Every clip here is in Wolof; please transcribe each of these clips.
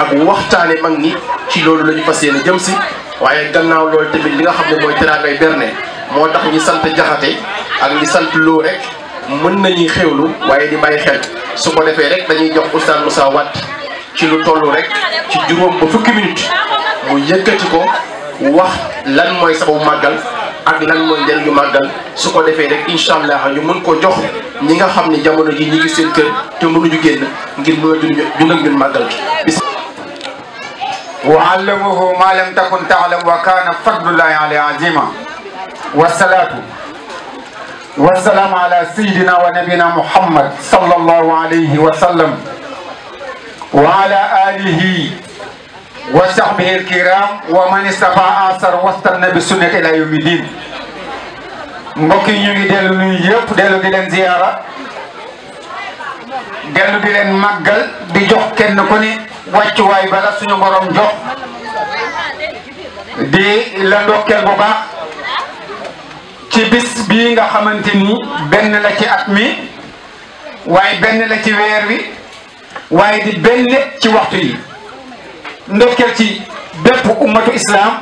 ak waxtaane mag ñi ci loolu la ñu fas yéene jëm si waaye gannaaw loolu tamit li nga xam ne mooy teraangay berne moo tax ñi sant jaxate ak ñi sant loo rek mën nañuy xewlu waaye di bàyyi xel su ko defee rek dañuy jox Oustaz Moussa Wade ci lu toll rek ci juróom ba fukki minute mu yëkkati ko wax lan mooy sababu màggal ak lan mooy njëriñu màggal su ko defee rek incha allah ñu mën ko jox ñi nga xam ne jamono ji ñu ngi seen kër te ñu génn ngir mën a màggal وعلمه ما لم تكن تعلم وكان فضل الله عليه عظيما والصلاة والسلام على سيدنا ونبينا محمد صلى الله عليه وسلم وعلى آله وصحبه الكرام ومن استطاع آثر واستنى بسنة إلى يوم الدين mbokk yi ñu ngi dellu nuyu yëpp dellu di leen ziyaara dellu di leen màggal di jox wàccuwaay bala suñu borom jox di la ndokkeel bu ci bis bii nga xamante ni benn la ci at mi waaye benn la ci weer wi waaye di benn ci waxtu yi ndokkeel ci bépp ummatu islam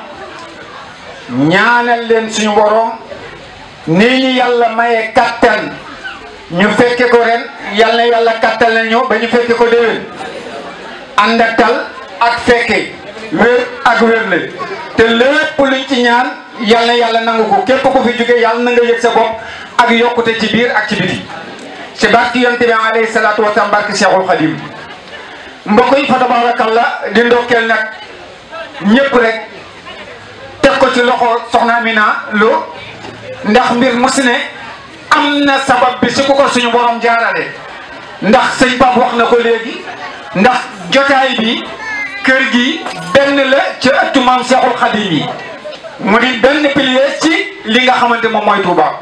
ñaanal leen suñu borom nii ñu yàlla maye kattan ñu fekke ko ren yàlla yàlla kattan la ñu ba ñu fekke ko déwén ànd ak tal ak fekke wér ak wérle te lépp luñ ci ñaan yal na yàlla nangu ko képp ku fi jóge yàlla na nga sa bopp ak yokkute ci biir ak ci biti ci barki yonte bi alayhi salaatu wa salaam barki Cheikhul Khadim mbokk yi fa tabarakallah di ndokkeel nag ñëpp rek teg ko ci loxo soxna Amina Lo ndax mbir mu si ne am na sabab bi su ko ko suñu borom jaarale ndax sëñ Pape wax ko léegi ndax jotaay bi kër gi benn la ci ëttu maam Seexul Xadim yi mu di benn pilier ci li nga xamante moom mooy Touba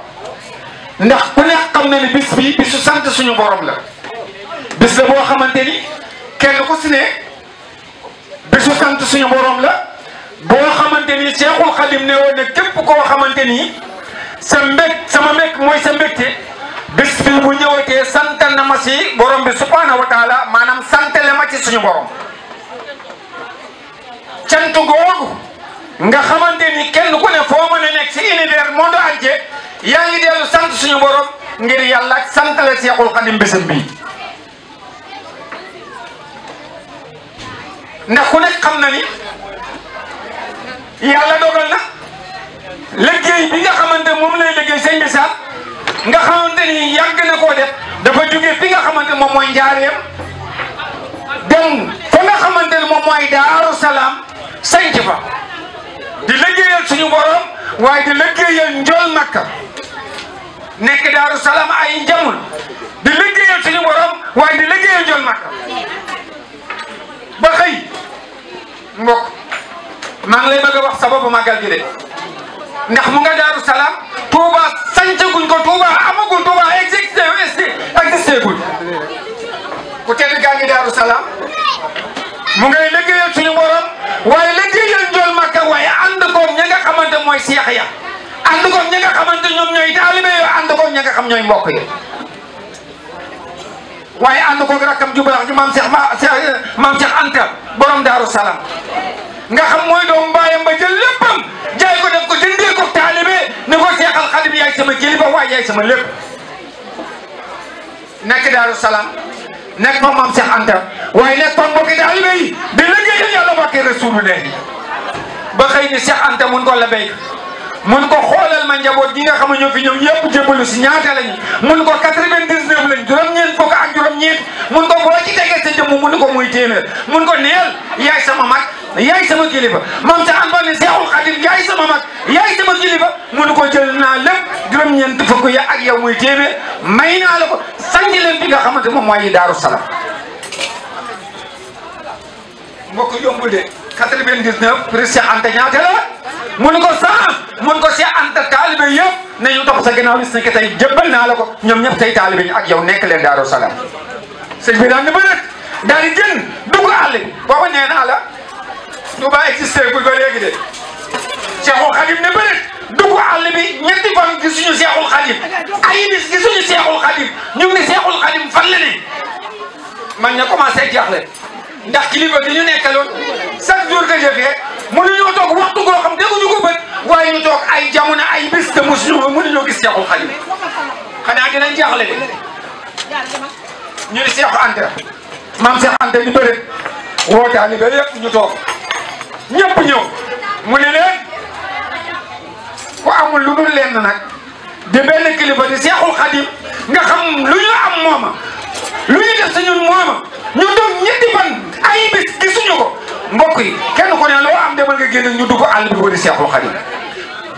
ndax ku ne xam na ne bis bi bisu sant suñu borom la bis la boo xamante ni kenn ku si ne bisu sant suñu borom la boo xamante ni Seexul Xadim ne woon ne képp koo xamante ni sa mbég sama mbég mooy sa mbégte. bis bi bu ñëwatee santal na ma si borom bi subhanahu wa taala maanaam santale ma ci suñu borom cant googu nga xamante ni kenn ku ne foo mën a nekk si univers monde entier yaa ngi dellu sant suñu borom ngir yàlla sant la Seexul Xadim bésam bii ndax ku nekk xam na ni yàlla dogal na liggéey bi nga xamante moom lay liggéey sëñ bi nga xamante ni yàgg na koo def dafa jóge fi nga xamante moom mooy njaareem dem fa nga xamante ne moom mooy daaru salaam sanc fa di liggéeyal suñu borom waaye di liggéeyal njool makka nekk daaru salaam ay njamul di liggéeyal suñu borom waaye di liggéeyal njool makka ba xëy mbokk maa ngi lay bëgg a wax sababu màggal gi de ndax mu nga daaru salaam mooy seex ya ànd ko ñi nga xamante ñoom ñooy taalibe yo ànd ko ñi nga xam ñooy mbokk yi waaye ànd koog rakkam ju baax ju maam Cheikh maam Cheikh Anta borom Daaru Salaam nga xam mooy doomu baayam ba jël léppam jaay ko def ko jëndee ko taalibe ni ko Seexal Xadim yaay sama kilifa waaye yaay sama lépp nekk Daaru Salaam nekk fa maam Cheikh Anta waaye nekk fa mbokki taalibe yi di liggéeyal yàlla mbokki Rasulullah بخير سيح أنت منكو لبيك منكو خولال من جابوت جيغا خمو نيو في نيو يب جبلو سنياتا لن منكو كاتربين ديزنيو بلن جرم نيل فوق عن جرم نيل منكو بوكي تاكي سجمو منكو موي تيمير منكو نيل ياي سما مات ياي سما كيليبا مامسا أمباني سيح القادم ياي سما مات ياي سما كيليبا منكو جلنا لب جرم نيل فوق يا أجيا موي تيمير مينا لكو سنجي لنبيغا خمو موي دارو السلام Moko yombo de. 99 prix Cheikh Anta ñaata la mun ko 100 mun ko Cheikh Anta taalibe yëpp nañu topp sa ginnaaw bis ni que naa la ko ñoom ñëpp tey taalibe ñu ak yow nekk leen Daaru Salaam sëñ bi daan na bëri daal di jën dugg àll bi booba nee naa la Touba existé ku ba léegi de Cheikhul Khadim ne bëri dugg àll bi ñetti fan gisuñu Cheikhul Khadim ay bis gisuñu Cheikhul Khadim ñu ngi ne Cheikhul Khadim fan la ne man na commencé jaaxle ndax kilifa bi ñu nekkaloon. chaque jour que je fais mënuñoo toog waxtu goo xam dégguñu ko ko bët waaye ñu toog ay jamono ay bis te mosu ñu mënuñoo gis Seexul Xadim xanaa dinañ jaaxle de ñu ne Seexu Anta maam Seex Anta ni bëri wootaani ba yëpp ñu toog ñëpp ñëw mu ne leen ku amul lu dul lenn nag di benn kilifa di nag ñu dugg àll bi wëri Seexul Xadim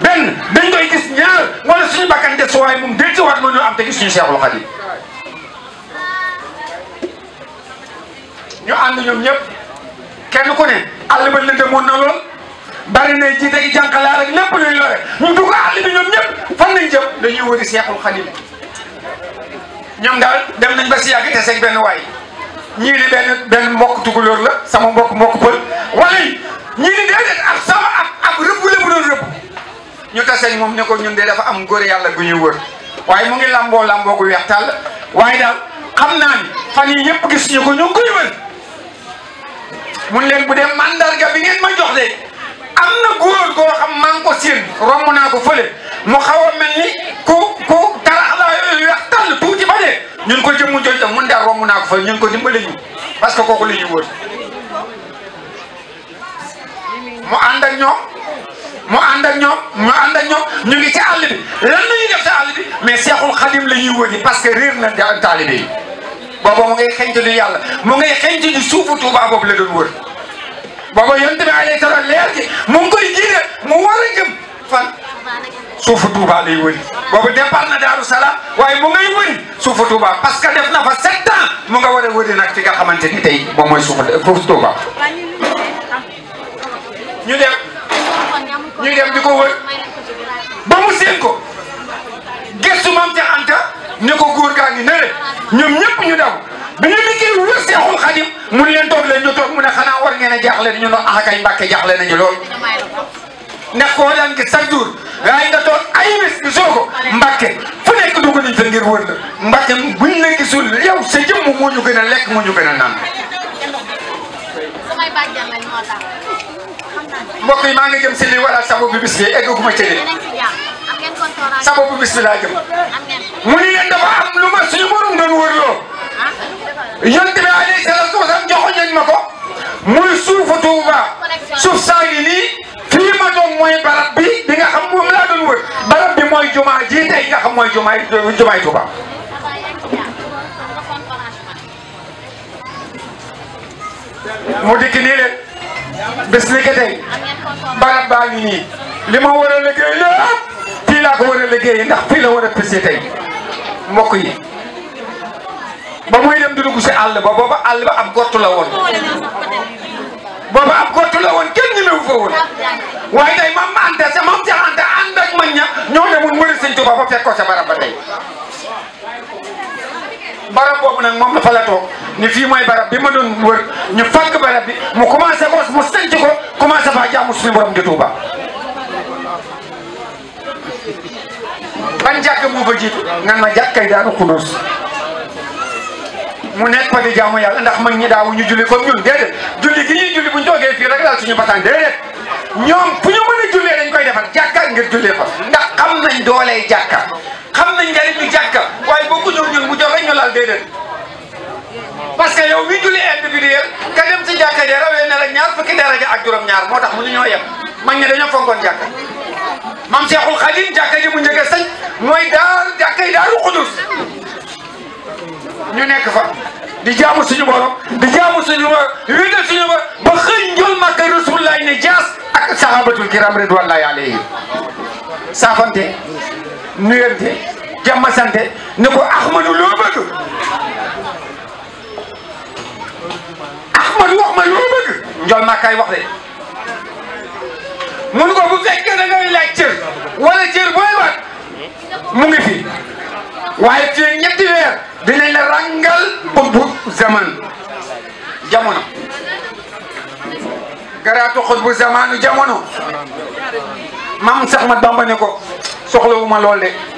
benn dañ koy gis ñaar wala suñu bakkan des waaye moom déet ci waat ma ñu am te gis suñu Seexul Xadim ñu ànd ñoom ñëpp kenn ku ne àll ba lëndëmoon na lool bari na jiite i jànqalaar ak lépp luy lore ñu dugg àll bi ñoom ñëpp fan lañ jëm dañuy wëri Seexul Xadim ñoom daal dem nañ ba si yàgg te seeg benn waay ñu ni benn benn mbokk tukulóor la sama mbokk mbokk pël wala ñu ni déedéet ak sama ak ak rëbb la moom ne ko ñun de dafa am góor yàlla gu ñuy wër waaye mu ngi lamboo lamboo gu weex tàll waaye daal xam naa ni fan yii yëpp gis ñu ko ñu ngi koy wër mun leen bu dee mandarga bi ngeen ma jox de am na góor goo xam maa ngi ko séen romb naa ko fële mu xaw a mel ni ku ku tarax la weex tàll tuuti ba de ñun ko jëmu mu tam mun daal romb naa ko fële ñun ko dimbale ñu parce que kooku la ñuy wër. mu ànd ak ñoom mu ànd ak ñoom mu ànd ñu ngi ci àll bi lan la def ci àll mais Seexul Xadim la ñuy wëri parce que réer na taalibe yi booba mu ngay xëñtu ni yàlla mu ngay xëñtu ni suufu Tuubaa boobu la doon wër booba yonent bi alayhi salaam leer gi mu ngi koy jiire mu war a jëm fan suufu Tuubaa lay wëri boobu départ na Daaru Salaam waaye mu ngay wëri suufu Tuubaa parce que def na fa sept ans mu nga war a wëri nag fi nga xamante ni tey moom mooy suufu Tuubaa ñu dem ñu dem di ko wër ba mu seen ko gëstu maam ca Anta ne ko góor gaa ngi nële ñoom ñëpp ñu daw bi ñu liggéey wër Seexul Xadim mu ne leen toog leen ñu toog mu ne xanaa war ngeen a jaaxle ñu ne ah kay Mbàkke jaaxle nañu lool. ndax koo daan gis chaque jour waaye nga toog ay bés gisoo ko Mbàkke fu nekk dugg nañ fa ngir wër la Mbàkke buñ la gisul yow sa jëmm moo ñu gën a lekk moo ñu gën a naan. mbokk yi maa ngi jëm si li waral sababu bis bi eggaguma ci li sababu bis bi laa jëm mu ni leen am lu ma suñu borom doon wërloo yonent bi alayhi salaatu wasalaam joxoon nañ ma ko muy suufu Tuuba suuf saa ngi fii ma doon mooy barab bi bi nga xam moom laa doon wër barab mooy jumaa ji tey nga xam mooy jumaay jumaay Tuuba bés ni que tey barab baa nii li ma war a liggéey lépp fii laa ko war a liggéey ndax fii la war a pese tey mbokk yi ba muy dem di dugg si àll ba booba àll ba ab gott la woon booba ab gott la woon kenn ñemewu fa woon waaye tey mam ma anta sa mam sa anta ànd ak ma ña ñoo demoon mëri sëñ Tuubaa ba fekk sa barab ba tey barab boobu nag moom dafa la toog ni fii mooy barab bi ma doon wër ñu fàkk barab bi mu commencé ko mu sanc ko commencé fa jaamu suñu borom di Tuuba ban jàkk moo fa jiitu na ma jàkkay Daaru Xudoos mu nekk fa di jaamu yàlla ndax mag ñi daawu ñu julli comme ñun déedéet julli gi ñuy julli bu ñu toogee fii rek daal suñu bataan déedéet ñoom fu ñu mën a jullee dañ koy defar jàkka ngir jullee fa ndax am xam nañ doolee jàkka déedéet parce que yow mi julli individuel ka dem si jàkka ja rawee na la ñaar fukki gi ak juróom-ñaar moo tax mu ñu ñoo yem mag ñi dañoo fonkoon jàkka mam Seexul Xadiim jàkka ji mu njëkk a sañ mooy daar jàkkay daaru Xudus ñu nekk fa di jaamu suñu borom di jaamu suñu borom wéetal suñu borom ba xëy njol màkka rasulullahi ne jaas ak sahabatul kiram ridwanullahi alayhim saafante nuyante jàmma sante ne ko Ahmadou loo bëgg Ahmadou wax ma loo bëgg njool maa kaay wax de mun ko bu fekkee da ngay wala cër booy wat mu ngi fi waaye fii ñetti weer dinañ la rangal ëmb zaman jamono garaatu xut bu zamanu jamono maam sax ma Bamba ne ko soxlawuma lool de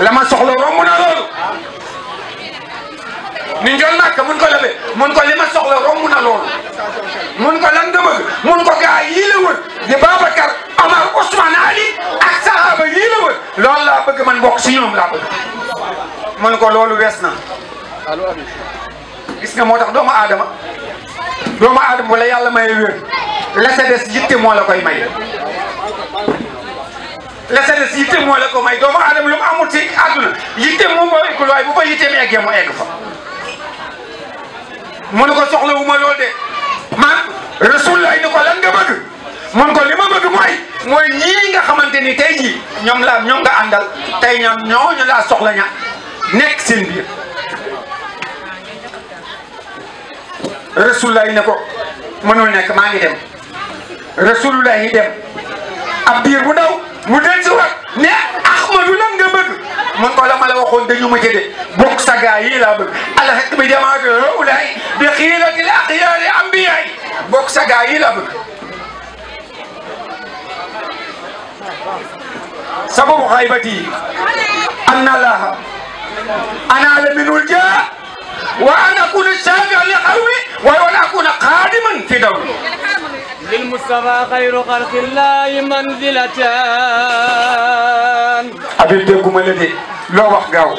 la ma soxla romb na loolu ni njool màkk mun ko lebe mun ko li ma soxla romb na loolu mun ko lan nga bëgg mun ko yii la wër di Babacar Omar Ousmane Ali ak sahaba yii la wër loolu laa bëgg man bokk si mun ko loolu wees na gis nga moo tax doomu aadama doomu adam wala yàlla may wér la sa des yitte moo la koy may la sa des yitte moo la ko may doomu aadama lu mu amul ci àdduna yitte moom moo eggul waaye bu fa yitteem eggee mu egg fa mu ko soxla wu ma lool de man rasulullah ni ko lan nga bëgg mun ko li ma bëgg mooy mooy ñii nga xamante ni tey jii ñoom laa ñoom nga àndal tey ñoo ñooñu laa soxla ña nekk seen biir rasulullah ne ko mënul nekk maa ngi dem rasulullah dem ab biir bu daw mu del si wax ne Ahmadou lan nga bëgg ko la ma la waxoon dañu ma jëde bokk sa gaa yi laa bëgg bi jamaat ulay bi xiilati l axyaari ambiyaay bokk sa gaa yi laa bëgg sababu xaybati anna laha ana la minul jaa wa an fi dawri للمصطفى خير خلق الله منزلتان أبي ديكم الذي لو wax gaaw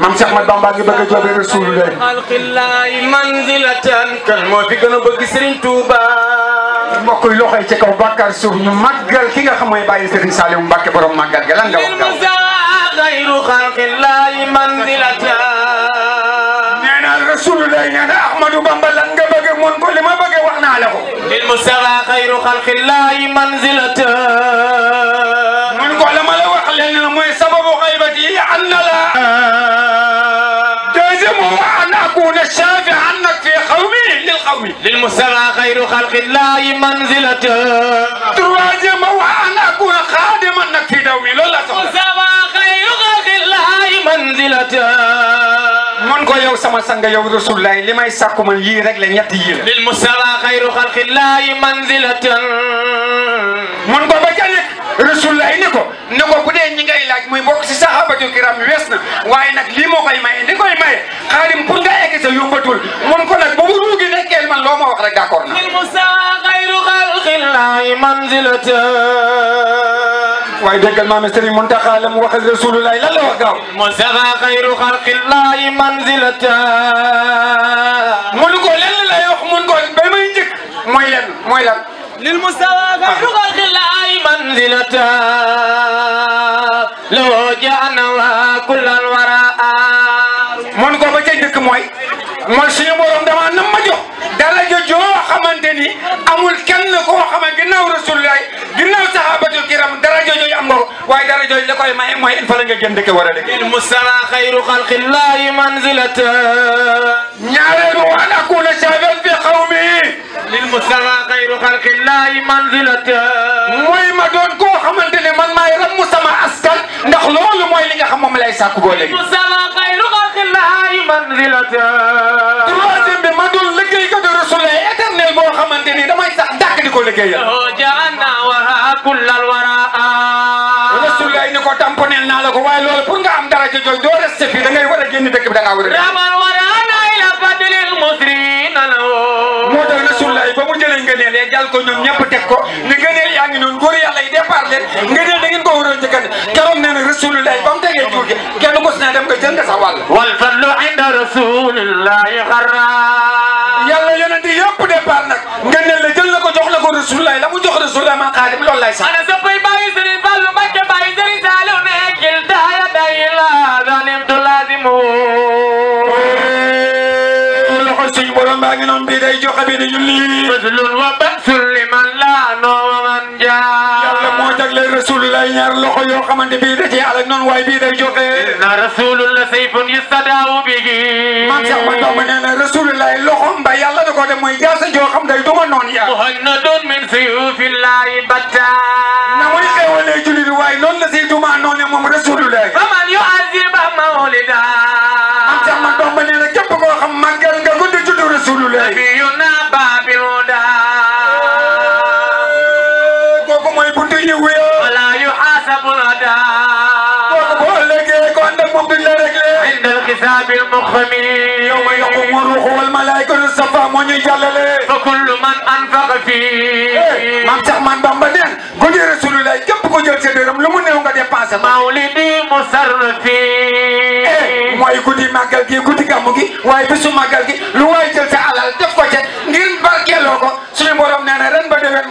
Maam Cheikh Ahmad Bamba ngi bëgg a joobe Rasulullah خلق الله منزلتان kan moo fi gën a bëgg Serigne Touba mbokk yi ci kaw bàkkaar suuf ñu ki nga xam mooy bàyyi Serigne Saliou Mbacké borom màggal ga lan wax gaaw خير خلق الله له للمستوى خير خلق الله منزلته من قال ما لو حللنا ما سبب غيبتي أن لا جزمه أن أكون الشافع عنك في قومي للقوم للمستوى خير خلق الله منزلته تروازمه أن أكون خادما في دومي لولا سبب خير خلق الله منزلته yow sama sang yow rasulullahi li may sàkku man yii rek la ñett yii la. lil mustafa xayru xalqillahi manzilatan. mun ba ba ca nekk rasulullahi ni ko ni ko bu dee ñi ngay laaj muy mbokk si saxaabatul kiram wees na waaye nag lii moo koy maye li koy maye xaalim pour nga egg sa yóbbatul mun man loo wax rek d'accord na. واي دغال ما مستري منتخا لم وخ رسول الله لا لو وخاو مزغا خير خلق الله منزلته مولكو لن لا يخ مونكو باي ما نجيك موي لن موي لن للمستوى غير خلق الله منزلته آه. لو جعلنا كل الوراء مونكو با تي ديك موي مول سيني موروم دا ما نما جو دالا جو جو خامتني امول كين واي دارا جوج لاكاي ماي ماي فلا نغا جندك ورال المستلا خير خلق الله منزله نيارو وانا كون شافل في قومي للمستلا خير خلق الله منزله موي ما دون كو خمانتني من ماي رم سما اسكان ناخ لول موي ليغا خم مام لاي ساكو بولي المستلا خير خلق الله منزله ترازم بما دون لغي كد رسول الله بو خمانتني دا ماي داك ديكو لغي يا جانا ورا كل الورا ko tamponel naa la ko waaye loolu pour nga am daraja jooju doo resté fii da ngay war a génn dëkk bi da ngaa war a. moo tax Rasulullah ba mu jëlee ngëneel ya jàll ko ñoom ñëpp teg ko ne ngëneel yaa ngi noonu góor yàlla yi départ leen ngëneel da ngeen ko waroon njëkkante keroog nee na Rasulullah ba mu tegee jur gi kenn ku si ne dem nga jël nga sa wàll. wal fadlu inda Rasulillah xarra. yàlla yonent yëpp départ nag ngëneel la jël na ko jox la ko Rasulullah la mu jox Rasulullah man xaadim loolu lay sax. borom baa ngi noonu bii day joxe bi di julli rasulun wa ba'sul liman laanoo wa man jaa yàlla moo jagleel rasulullah ñaar loxo yoo xamante bii da ci alak noonu waaye bii day joxe inna rasulullah sayfun yustadaawu bihi man sax man dooma nee na rasulullah loxom ba yàlla da ko def mooy jaasa joo xam day duma noonu ya muhannadun min suyufillahi batta na muy xewalee julli waaye noonu la siy duma noonu moom rasulullah nabiyuna babil huda eh, kooku mooy buntu yi wuya wala yu xaasabul hada kooku boo ëllëgee kon nag moom duñ la réglé inda alxisaabi almuxami yowma yaqumu ruuxu wal malaikatu safa moo ñuy jàllale fa kullu man anfaqa fi eh, maam sax man bamba neen ko di rasulullah képp ko jël sa dërëm lu mu néew nga dépensé mawlidi musarrafi eh, mooy guddi màggal gi guddi gàmmu gi waaye bisu màggal gi lu waay jël sa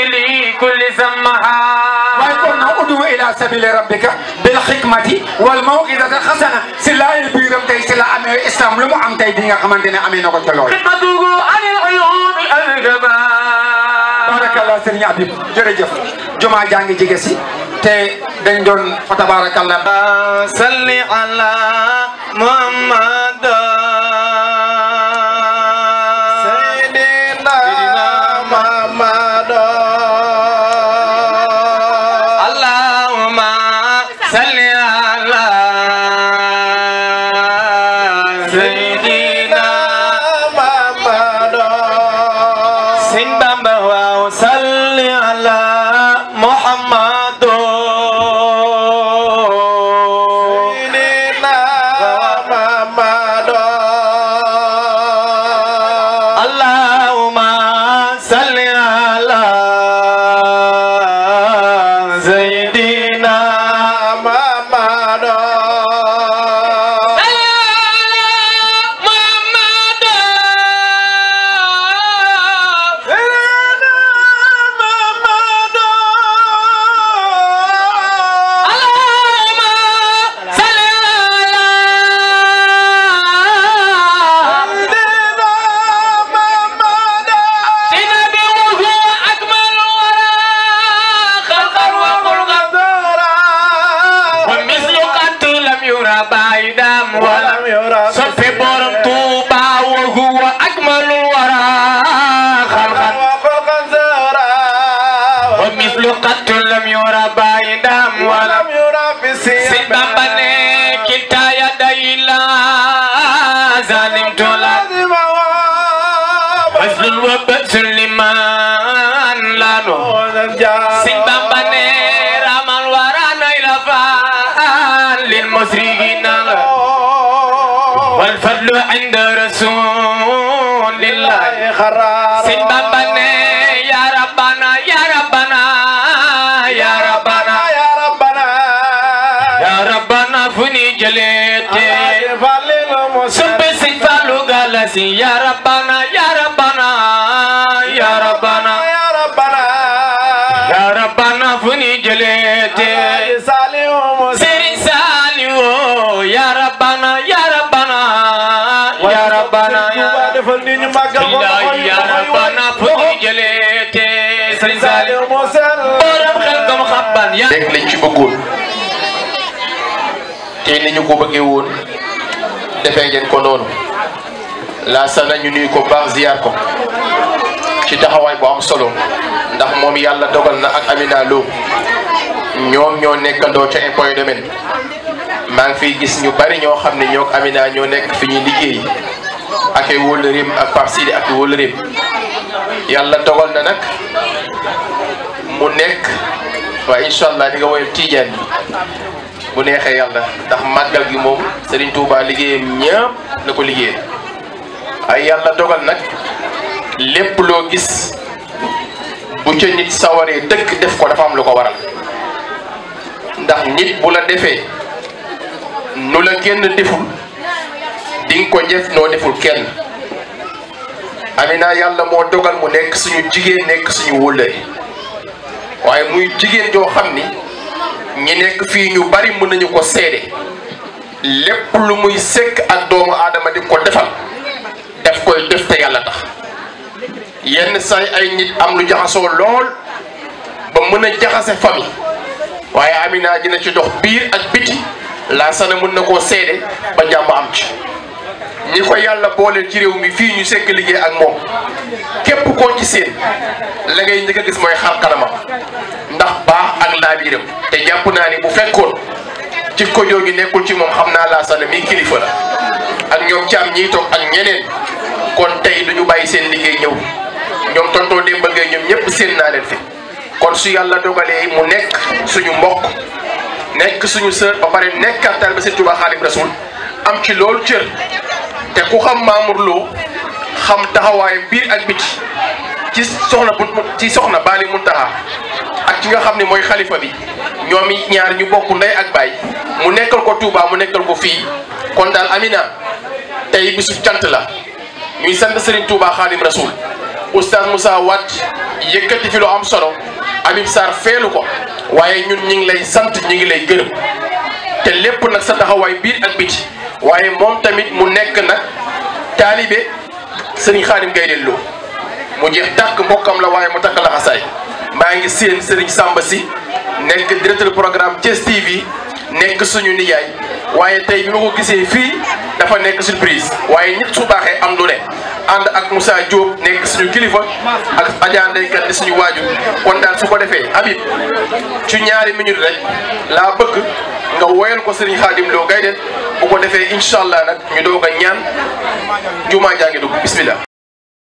لي كل زمها ويقول نعودوا الى سبيل ربك بالحكمه والموقدة الخسنة سلا البيرم تي سلا أمير اسلام لما ام تي دينا ديغا أمين امي نكو تلو دوغو عن العيون الغبا بارك الله سيرني حبيب جرجف جمع جانج جيغسي تي dañ doon fa tabarakallah salli ala muhammad قط لم يرى بعيدا ولم يرى بسيما كلتا يدي لا ظالمت لازم حزن وبأس لمن لا سيما رام الورانا إلى فان للمسرقين والفضل عند رسول يا ربنا فني جليتي سبي سفالو غالسي يا ربنا يا ربنا يا ربنا يا ربنا يا ربنا فني جليتي سيري ساليو يا ربنا يا ربنا يا ربنا يا ربنا فني جليتي سيري ساليو موسى borom xel gam xabban ya rek lañ ci bëggoon te ni ñu ko bëggee woon defee ngeen ko noonu Laasana ñu nuyu ko baax ziyaar ko ci taxawaay boo am solo ndax moom yàlla dogal na ak Amina Lo ñoom ñoo nekkandoo ca impôt maa ngi fiy gis ñu bari ñoo xam ne ñoo Amina ñoo nekk fi ñuy liggéey ak ay wóolëreem ak parcelles ak wóolëreem yàlla dogal na nag mu nekk waaye incha allah di nga woyal bu neexee yàlla ndax màggal gi moom Serigne Touba liggéeyam ñëpp la ko liggéey ay yàlla dogal nag lépp loo gis bu ca nit sawaree dëkk def ko dafa am lu ko waral ndax nit bu la defee nu la kenn deful di ko jëf noo deful kenn Amina yàlla moo dogal mu nekk suñu jigéen nekk suñu wóllëre waaye muy jigéen joo xam ni. ñi nekk fii ñu bari mën nañu ko seede lépp lu muy sekk ak doomu aadama di ko defal def koy def te yàlla tax yenn say ay nit am lu jaxasoo lool ba mën a jaxase famille waaye Amina dina ci dox biir ak biti laa sana mën na koo seede ba jàmm am ci ñi ko yàlla booleel ci réew mi fii ñu sekk liggéey ak moom képp koo ci seen la ngay njëkk a gis mooy xar kanamam ndax baax ak laabiiram te jàpp naa ne bu fekkoon ci ko jooju nekkul ci moom xam naa laa sana mi kilifa la ak ñoom ci am ñiy toog ak ñeneen kon tey ñu bàyyi seen liggéey ñëw ñoom tontoo Demba Gueye ñoom ñëpp seen naa leen fi kon su yàlla dogalee mu nekk suñu mbokk nekk suñu sër ba pare nekk kattan ba seen Tuubaa Xaadimu Rasuul am ci loolu cër te ku xam Mamour Lo xam taxawaayam biir ak biti ci soxna bu ci soxna Baali Muntaxa ak ki nga xam ne mooy xalifa bi ñoom it ñaar ñu bokk ndey ak baay mu nekkal ko Touba mu nekkal ko fii kon daal Amina tey bisu cant la ñuy sant Serigne Touba Xaadim Rasoul oustaz Moussa Wade yëkkati fi lu am solo Habib Sarr feelu ko waaye ñun ñu ngi lay sant ñu ngi lay gërëm te lépp nag sa taxawaay biir ak biti waaye moom tamit mu nekk nag taalibe sëriñ Xaadim Gaynde Lo mu jeex tàkk mbokkam la waaye mu takk la xasaay maa ngi seen sëriñ Samba si nekk directeur programme Thiès TV nekk suñu nijaay waaye tey bi ma ko gisee fii dafa nekk surprise waaye ñett su baaxee am lu ne ànd ak Moussa Diop nekk suñu kilifa ak Adja Ndeykat di suñu waajur kon daal su ko defee Habib ci ñaari minute rek laa bëgg nga woyal ko Serigne Khadim Lo Gaydel bu ko defee incha allah nag ñu doog a ñaan jumaa jaa ngi dugg